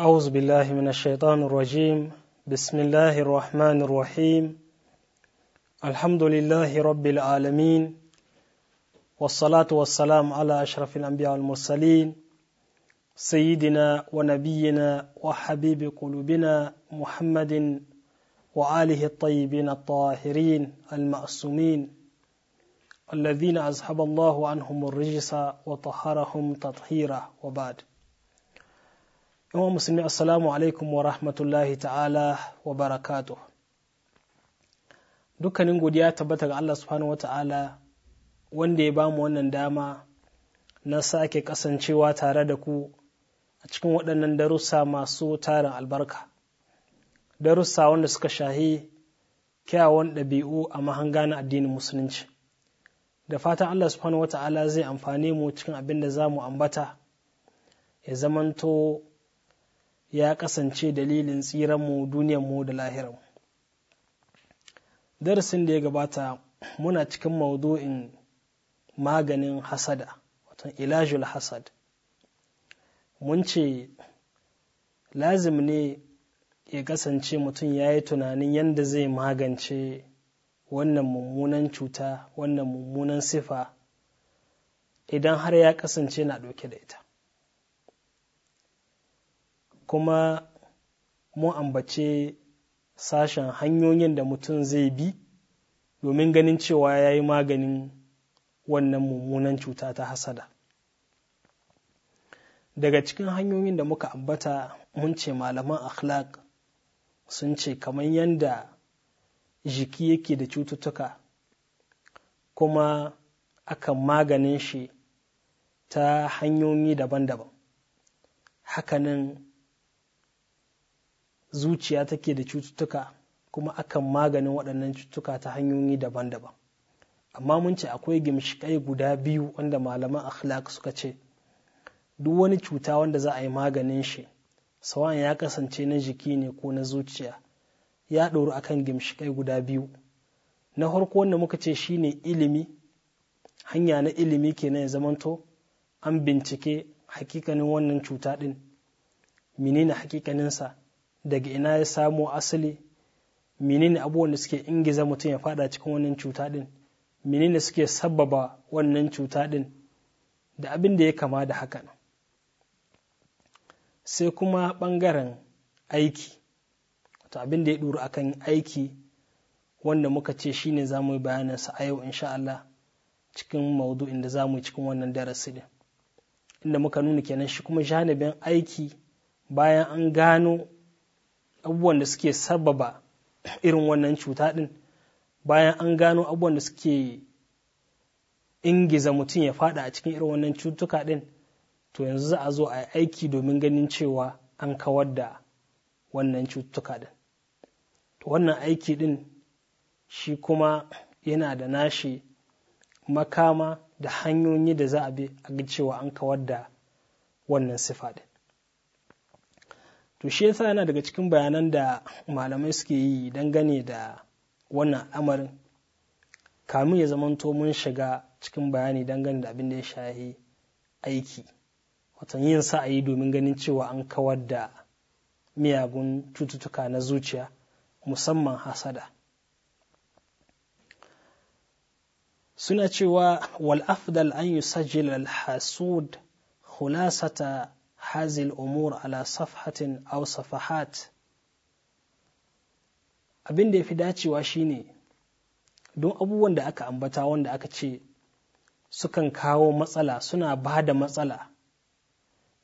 أعوذ بالله من الشيطان الرجيم بسم الله الرحمن الرحيم الحمد لله رب العالمين والصلاة والسلام على أشرف الأنبياء والمرسلين سيدنا ونبينا وحبيب قلوبنا محمد وآله الطيبين الطاهرين المأسومين الذين أزحب الله عنهم الرجس وطهرهم تطهيرا وبعد yawon musulmi assalamu alaikum wa rahmatullahi ta'ala wa barakatu dukkanin godiya tabbata ga Allah subhanahu wa ta'ala wanda ya bamu wannan dama na sake kasancewa tare da ku a cikin waɗannan darussa masu tarin albarka darussa wanda suka shahi kyawun ɗabi'u a mahanga na addinin musulunci da fatan Allah subhanahu wa ta'ala zai amfane mu cikin abin da za mu ambata ya zamanto ya kasance dalilin tsiranmu duniyarmu da lahiran darasin da ya gabata muna cikin maudu'in maganin hasada wato ilajul hasad mun ce lazim ne ya kasance mutum ya yi tunanin yadda zai magance wannan mummunan cuta wannan mummunan sifa idan har ya kasance na ɗauke da ita kuma mu ambace sashen hanyoyin da mutum zai bi domin ganin cewa ya yi maganin wannan mummunan cuta ta hasada daga cikin hanyoyin da muka ambata mun ce malaman akhlaq sun ce kamar yadda jiki yake da cututtuka kuma akan maganin shi ta hanyoyi daban-daban hakanan zuciya take da cututtuka kuma akan maganin waɗannan cututtuka ta hanyoyi daban-daban amma mun ce akwai gimshikai guda biyu wanda malaman akhlaq suka ce duk wani cuta wanda za a yi maganin shi sawan ya kasance na jiki ne ko na zuciya ya ɗoru akan gimshikai guda biyu na farko wanda muka ce shine ilimi hanya na ilimi kenan ya zamanto an bincike hakikanin wannan cuta ɗin menene hakikaninsa daga ina ya samo asali menene abubuwan da suke ingiza mutum ya fada cikin wannan cuta din menene suke sabbaba wannan cuta din da abin da ya kama da haka sai kuma ɓangaren aiki wato abin da ya duru akan aiki wanda muka ce shine za mu yi bayanansa a yau insha Allah cikin maudu'in da za mu yi cikin wannan darasi din inda muka nuna kenan shi kuma janibin aiki bayan an gano abubuwan da suke sababa irin wannan cuta ɗin bayan an gano abubuwan da suke ingiza mutum ya fada a cikin irin wannan cutuka ɗin to yanzu za a zo a yi aiki domin ganin cewa an kawar da wannan cutuka ɗin to wannan aiki ɗin shi kuma yana da nashi makama da hanyoyi da za a bi a ga cewa an kawar da wannan sifa to shi yasa yana daga cikin bayanan da malamai suke yi dangane da wannan amarin kamun ya zamanto mun shiga cikin bayani dangane da abin da ya shahi aiki watan yin sa'ayi domin ganin cewa an kawar da miyagun cututtuka na zuciya musamman hasada suna cewa wal afdal an yusajjil al hasud khulasata هذه الأمور على صفحة أو صفحات abin da ya fi dacewa shine don abubuwan da aka ambata wanda aka ce sukan kawo matsala suna ba da matsala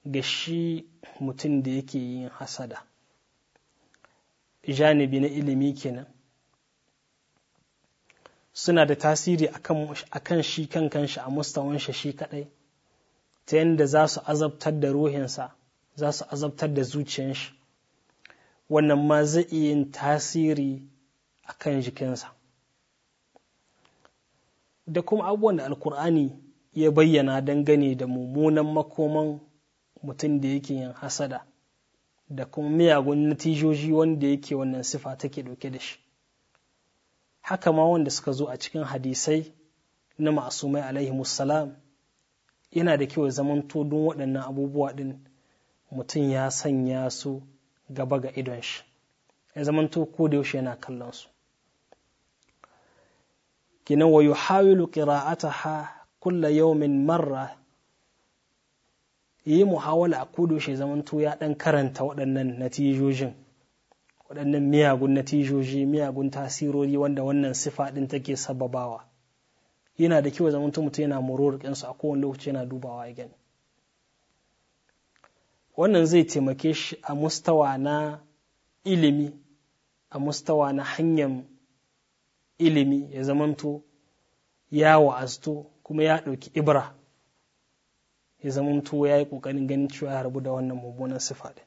ga shi mutum da yake yin hasada janibi na ilimi kenan suna da tasiri akan shi kan kanshi a mustawan shi kadai ta yadda za su azabtar da ruhinsa za su azabtar da zuciyarsa wannan ma zai yin tasiri a kan jikinsa da kuma abubuwan da alkur'ani ya bayyana dangane da mummunan makoman mutum da yake yin hasada da kuma miyagun natijoji wanda yake wannan sifa take ɗauke da shi haka ma wanda suka zo a cikin hadisai na ma'asumai musallam yana da kyau zaman to duk waɗannan abubuwa ɗin mutum ya sanya su gaba ga idon shi ya zaman to ko da yaushe yana kallon su kinan wa yuhawilu qira'ataha kulla yawmin marra yi muhawala a kudu shi zamanto ya ɗan karanta waɗannan natijojin waɗannan miyagun natijoji miyagun tasirori wanda wannan sifa ɗin take sababawa yana da kyau zama mutum yana morowar kansa a kowane lokaci yana dubawa ya gani wannan zai taimake shi a mustawa na ilimi a mustawa na hanyar ilimi ya zamanto ya wa'azto kuma ya ɗauki ibra ya zamanto ya yi ƙoƙarin ganin cewa ya rabu da wannan mummunan sifa ɗin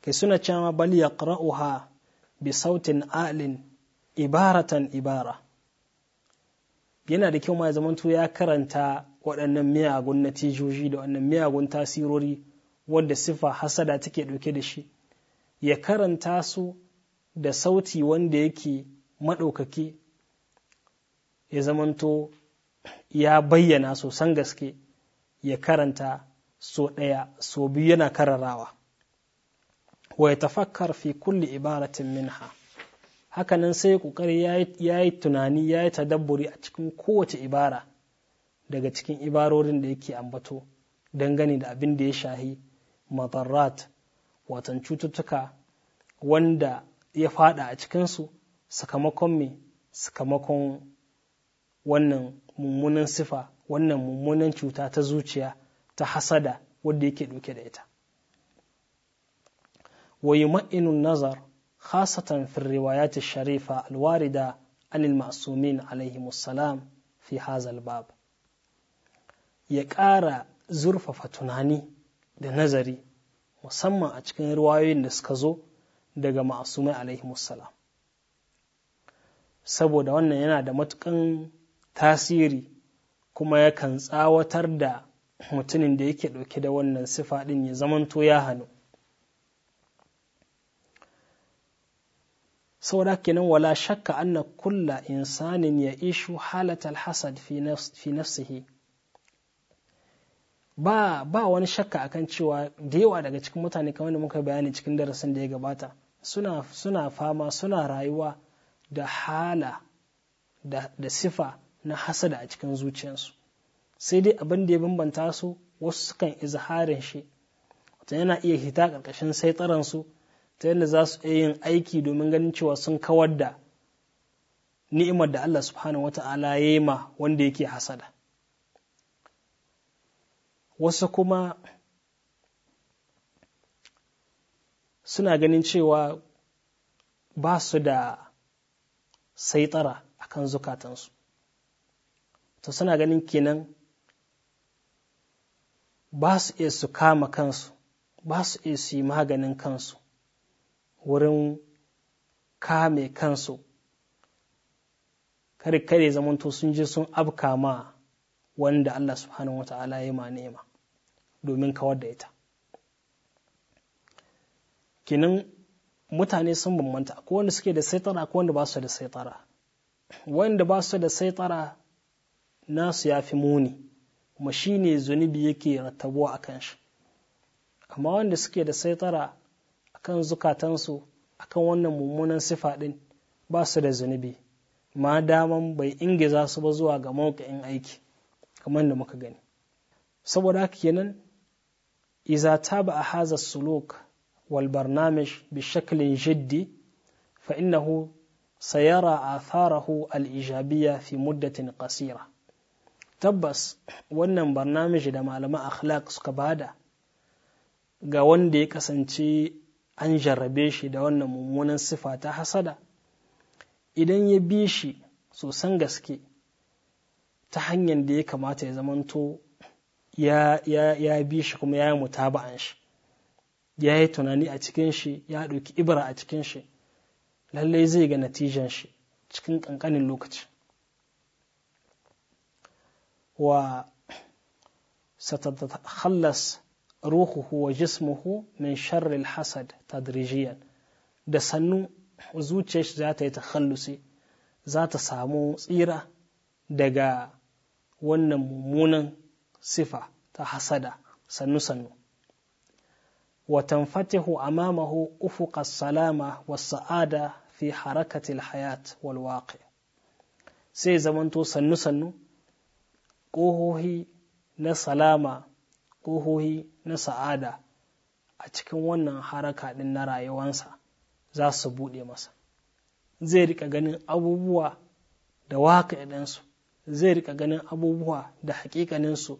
kai suna cewa bal ya ha bi sautin alin ibaratan ibara yana da kyau ma ya zamanto ya karanta waɗannan miyagun natijoji da waɗannan miyagun tasirori wadda sifa hasada take ɗauke da shi ya karanta su da sauti wanda yake maɗaukaki ya zamanto ya bayyana sosan gaske ya karanta so ɗaya so biyu yana kararawa wa ya tafakkar fi kulli ibaratin minha hakanan sai kokari ya yi tunani ya yi tadabburi a cikin kowace ibara daga cikin ibarorin da yake ambato dangane da abin da ya shahi matarrat watan cututtuka wanda ya fada a cikinsu sakamakon me sakamakon wannan mummunan sifa wannan mummunan cuta ta zuciya ta hasada wadda yake ɗauke da ita wa yi nazar خاصة في الروايات الشريفة الواردة masumin المعصومين عليهم السلام في هذا الباب يقارى زرفة تناني da nazari musamman a cikin riwayoyin da suka zo daga ma'asumai alaihimussalam saboda wannan yana da matukan tasiri kuma yakan tsawatar da mutumin da yake ɗauke da wannan sifa ɗin ya zamanto ya hannu saboda kenan wala shakka anna kulla insanin ya ishu halatal hasad fi nafsihi ba ba wani shakka akan cewa da yawa daga cikin mutane kamar da muka bayani cikin darasin da ya gabata suna suna fama suna rayuwa da hala da, da sifa na hasada a cikin zuciyarsu sai dai abin da ya bambanta su wasu sukan izharin shi wata yana iya hita ƙarƙashin sai su ta yadda za su iya yin aiki domin ganin cewa sun kawar da ni'imar da Allah subhanahu ta'ala ya yi ma wanda yake hasada wasu kuma suna ganin cewa ba su da saitara a kan zukatansu to suna ganin kenan ba su iya su kama kansu ba su iya su yi maganin kansu wurin kame kansu kare kare zamanto sun je sun abka ma wanda Allah subhanahu wa ta'ala ya ma nema domin kawar da ita kinan mutane sun bambanta akwai wanda suke da saitara akwai wanda ba su da saitara wanda ba su da saitara nasu ya fi muni kuma shine ne zunubi yake rattabuwa a kan shi amma wanda suke da saitara akan zukatansu akan wannan mummunan sifa din ba su da zunubi ma daman bai ingiza su ba zuwa ga mawuƙin aiki kamar da muka gani saboda haka kenan iza ba a haza suluk wal barnamish bi shaklin jiddi fa innahu sayara atharahu al ijabiyya fi muddatin qasira tabbas wannan barnamish da malaman akhlaq suka bada ga wanda ya kasance an jarrabe shi da wannan mummunan sifa ta hasada idan ya bi shi sosan gaske ta hanyar da ya kamata ya zamanto ya bi shi kuma ya yi mutaba'an shi ya yi tunani a cikin shi ya ɗauki ibra a cikin shi lallai zai ga natijan shi cikin ƙanƙanin lokaci wa satattakhallas ruhuhu wa jismuhu min sharril hasad tadrijiyan da sannu zuciyar shi za ta yi takhallusi za ta samu tsira daga wannan mummunan sifa ta hasada sannu sannu wa tanfatihu amamahu ufuqa salama was sa'ada fi harakatil hayat wal sai zamanto sannu sannu ƙohohi na salama ƙohohi na sa'ada a cikin wannan haraka ɗin na rayuwansa za su buɗe masa zai riƙa ganin abubuwa da waka ɗansu zai riƙa ganin abubuwa da haƙiƙaninsu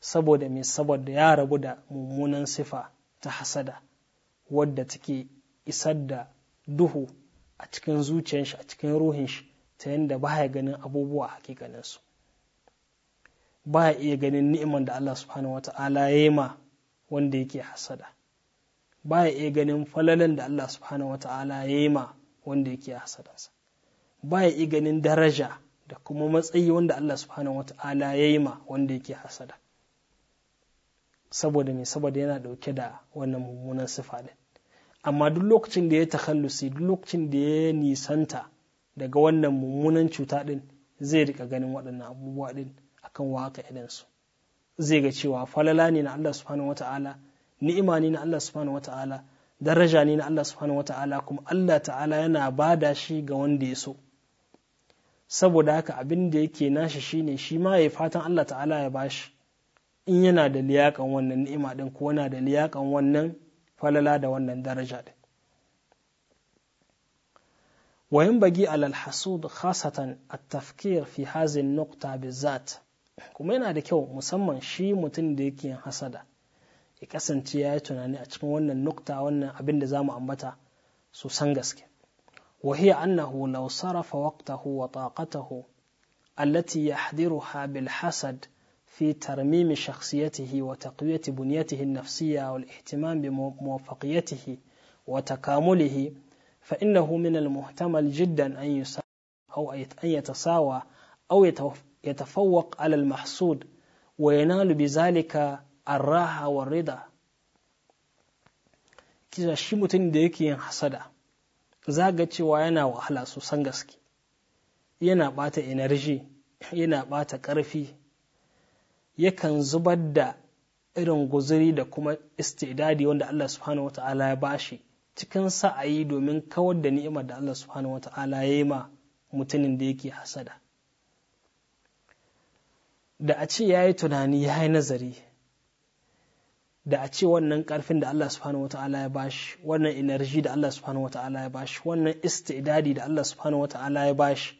saboda mai saboda ya rabu da mummunan sifa ta hasada wadda take isar da duhu a cikin zuciyarshi a cikin ruhin ta yadda ba ya ganin abubuwa haƙiƙaninsu ba iya ganin ni'imar da Allah subhanahu wa ta'ala ya yi ma wanda yake hasada ba iya ganin falalan da Allah subhanahu wa ta'ala ya yi ma wanda yake hasadansa ba iya ganin daraja da kuma matsayi wanda Allah subhanahu wa ta'ala ya yi ma wanda yake hasada saboda me saboda yana ɗauke da wannan mummunan sifa din amma duk lokacin da ya takhallusi duk lokacin da ya nisanta daga wannan mummunan cuta ɗin zai rika ganin waɗannan abubuwa ɗin kan waka su. zai ga cewa falala ne na Allah subhanahu wata'ala ni'ima ne na Allah subhanahu wata'ala daraja ne na Allah subhanahu wata'ala kuma Allah ta'ala yana bada shi ga wanda ya so saboda haka abin da yake nashi shine shi ma ya fatan Allah ta'ala ya bashi in yana da liyakan wannan ni'ima din ko yana da liyakan wannan falala da wannan daraja din وينبغي على الحسود خاصة التفكير في هذه النقطة bizat. kuma yana da kyau musamman shi mutum da yake yin hasada ya kasance ya yi tunani a cikin wannan nukta wannan abin da za mu ambata su san gaske وهي أنه لو صرف وقته وطاقته التي يحضرها بالحسد في ترميم شخصيته وتقوية بنيته النفسية والاهتمام بموفقيته وتكامله فإنه من المحتمل جدا أن أو أن يتساوى أو يتفوق على المحسود وينال بذلك الراحه والرضا kisa shi mutum da yake yin hasada za ga yana wahala sosan gaske yana bata energy yana bata ƙarfi yakan zubar da irin guzuri da kuma istidadi wanda Allah subhanahu wata'ala ta'ala ya bashi cikin sa'ayi domin kawar da ni'imar da Allah subhanahu wata'ala ta'ala ya yi ma mutumin da yake hasada da a ce ya yi tunani ya yi nazari da a ce wannan karfin da Allah subhanahu wa ta'ala ya bashi wannan energy da Allah subhanahu wa ta'ala ya bashi wannan istidadi da Allah subhanahu wa ta'ala ya bashi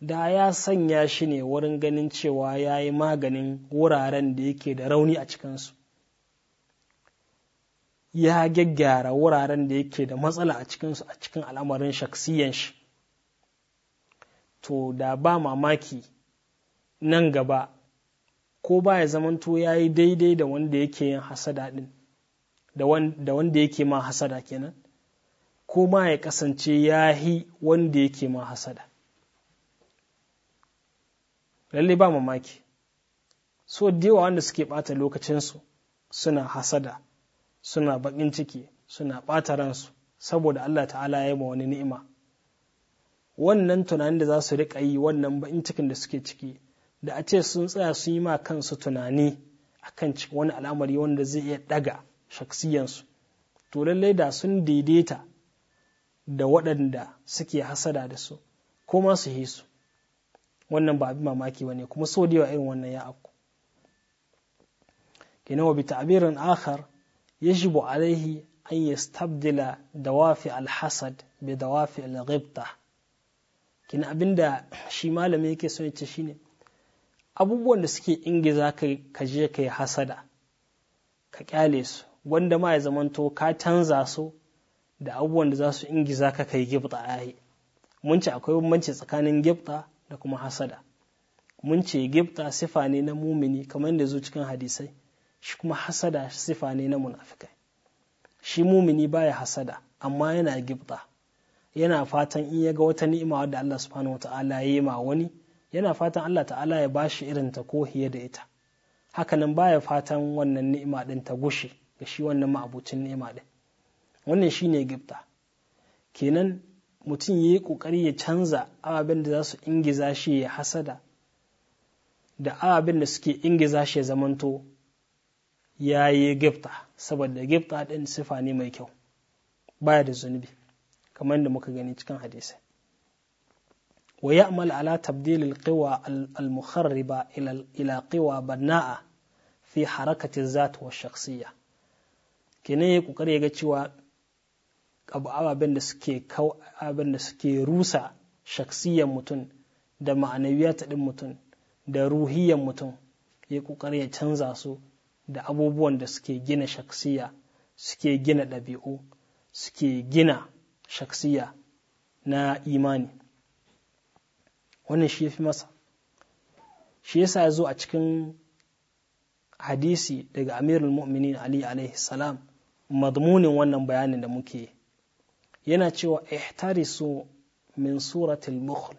da ya sanya shi ne wurin ganin cewa ya yi maganin wuraren da yake da rauni a cikinsu ya gyaggyara wuraren da yake da matsala a cikinsu a cikin al'amarin shaksiyan shi to da ba mamaki nan gaba ko ba ya zamanto ya yi daidai da wanda yake yin hasada ɗin da wanda yake ma hasada kenan ko ma ya kasance ya yi wanda yake ma hasada lalle ba mamaki so dewa wanda suke ɓata lokacinsu suna hasada suna baƙin ciki suna ɓata ransu saboda Allah ta'ala ya yi ma wani ni'ima wannan tunanin da za su riƙa yi wannan baƙin cikin da suke ciki da a ce sun tsaya sun yi ma kansu tunani a akan wani al'amari wanda zai iya daga shaksiyansu to lallai da sun daidaita da waɗanda suke hasada da su ko ma su hisu wannan ba abin mamaki ba ne kuma sau da yawa irin wannan ya afku kenan wa bi wafi akhar يجب da wafi يستبدل دوافع الحسد abin da shi أبندا شي ما son يكي shi ne. abubuwan da suke ingiza ka je ka yi hasada ka kyale su wanda ma ya zamanto ka canza su da abubuwan da za su ingiza ka kai a yi mun ce akwai bambanci tsakanin gifta da kuma hasada mun ce gifta sifa ne na mumini kamar da zo cikin hadisai shi kuma hasada sifa ne na munafikai shi mumini baya hasada amma yana gifta yana fatan in ya ga wata ni'ima wadda Allah subhanahu wata'ala ya yi ma wani yana fatan Allah ta'ala ya bashi irin ta ko da ita hakanan baya fatan wannan ni'ima din ta gushe ga shi wannan ma'abucin ni'ima din wannan shine gifta kenan mutum yayi kokari ya canza ababen da za su ingiza shi ya hasada da ababen da suke ingiza shi ya zamanto ya yi gifta saboda gifta din sifa ne mai kyau baya da zunubi kamar da muka gani cikin hadisai ويأمل على تبديل القوى المخربة إلى bana'a fi في حركة الذات والشخصية kenan ya kokari ya ga cewa abu ababen suke rusa shaksiyan mutum da ma'anawiyata din mutum da ruhiyan mutum ya kokari ya canza su da abubuwan da suke gina shaksiya suke gina ɗabi'u suke gina shaksiya na imani wannan shi fi masa shi yasa ya zo a cikin hadisi daga amirul mu'minin ali alaihi salam madmunin wannan bayanin da muke yana cewa ihtarisu min suratil bukhl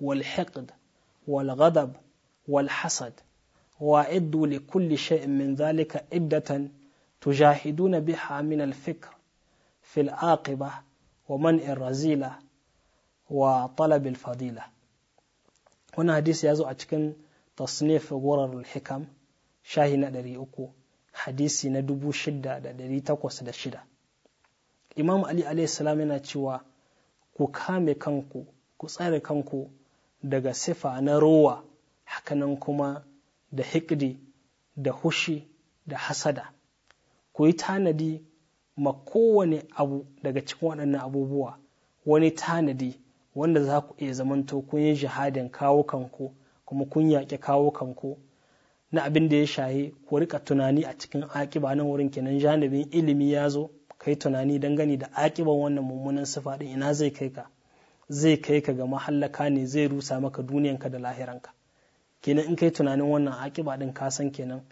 wal hiqd wal ghadab wal hasad wa iddu li kulli shay'in min zalika iddatan tujahiduna biha min al fikr fil aqiba wa man razila wa talab al fadila wani hadisi ya zo a cikin tasnif gurar hikam shahi na ɗari uku hadisi na dubu shida da ɗari takwas da shida imam ali alaihissalam yana cewa ku kame kanku ku tsare kanku daga sifa na rowa hakanan kuma da hikdi da hushi da hasada ku yi tanadi ma kowane abu daga cikin waɗannan abubuwa wani tanadi wanda za ku iya zamanto kun yi jihadin kawo kanku kuma kun yaƙi kawo kanku na abin da ya shaye ku rika tunani a cikin akiba nan wurin kenan janibin ilimi ya zo kai tunani dangane da akiban wannan mummunan sifa din ina zai kai ka zai kai ka ga mahallaka ne zai rusa maka duniyanka da lahiranka kenan in kai tunanin wannan akiba din ka san kenan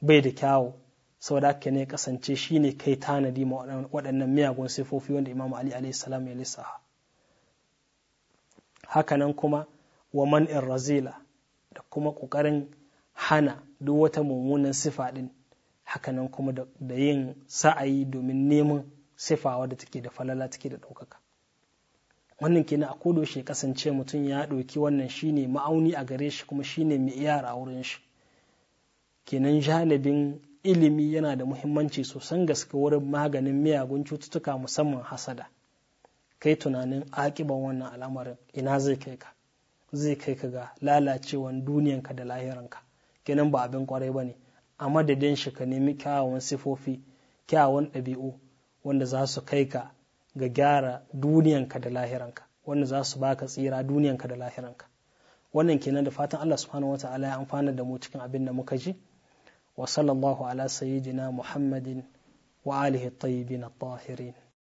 bai da kyawu saboda haka ne kasance shine kai tanadi ma waɗannan miyagun sifofi wanda Imam Ali alaihi salam ya lissafa hakanan kuma wa man'in razila da kuma ƙoƙarin hana duk wata mummunan sifa ɗin hakanan kuma da yin sa'ayi domin neman sifa wadda take da falala take da ɗaukaka wannan kenan a kodo shi kasance mutum ya ɗauki wannan shine ma'auni a gare shi kuma shine mai a wurin shi kenan janibin ilimi yana da muhimmanci sosan gaske wurin maganin miyagun cututtuka musamman hasada kai tunanin akiban wannan al'amarin ina zai kai ka zai kai ka ga lalacewan duniyanka da lahiranka kenan ba abin kwarai ba ne a madadin shi ka nemi kyawawan sifofi kyawawan ɗabi'u wanda za su kai ka ga gyara duniyanka da lahiranka wanda za su baka tsira duniyanka da lahiranka wannan kenan da fatan Allah subhanahu ta'ala ya amfana da mu cikin abin da muka ji wa sallallahu ala sayyidina muhammadin wa alihi tayyibin at-tahirin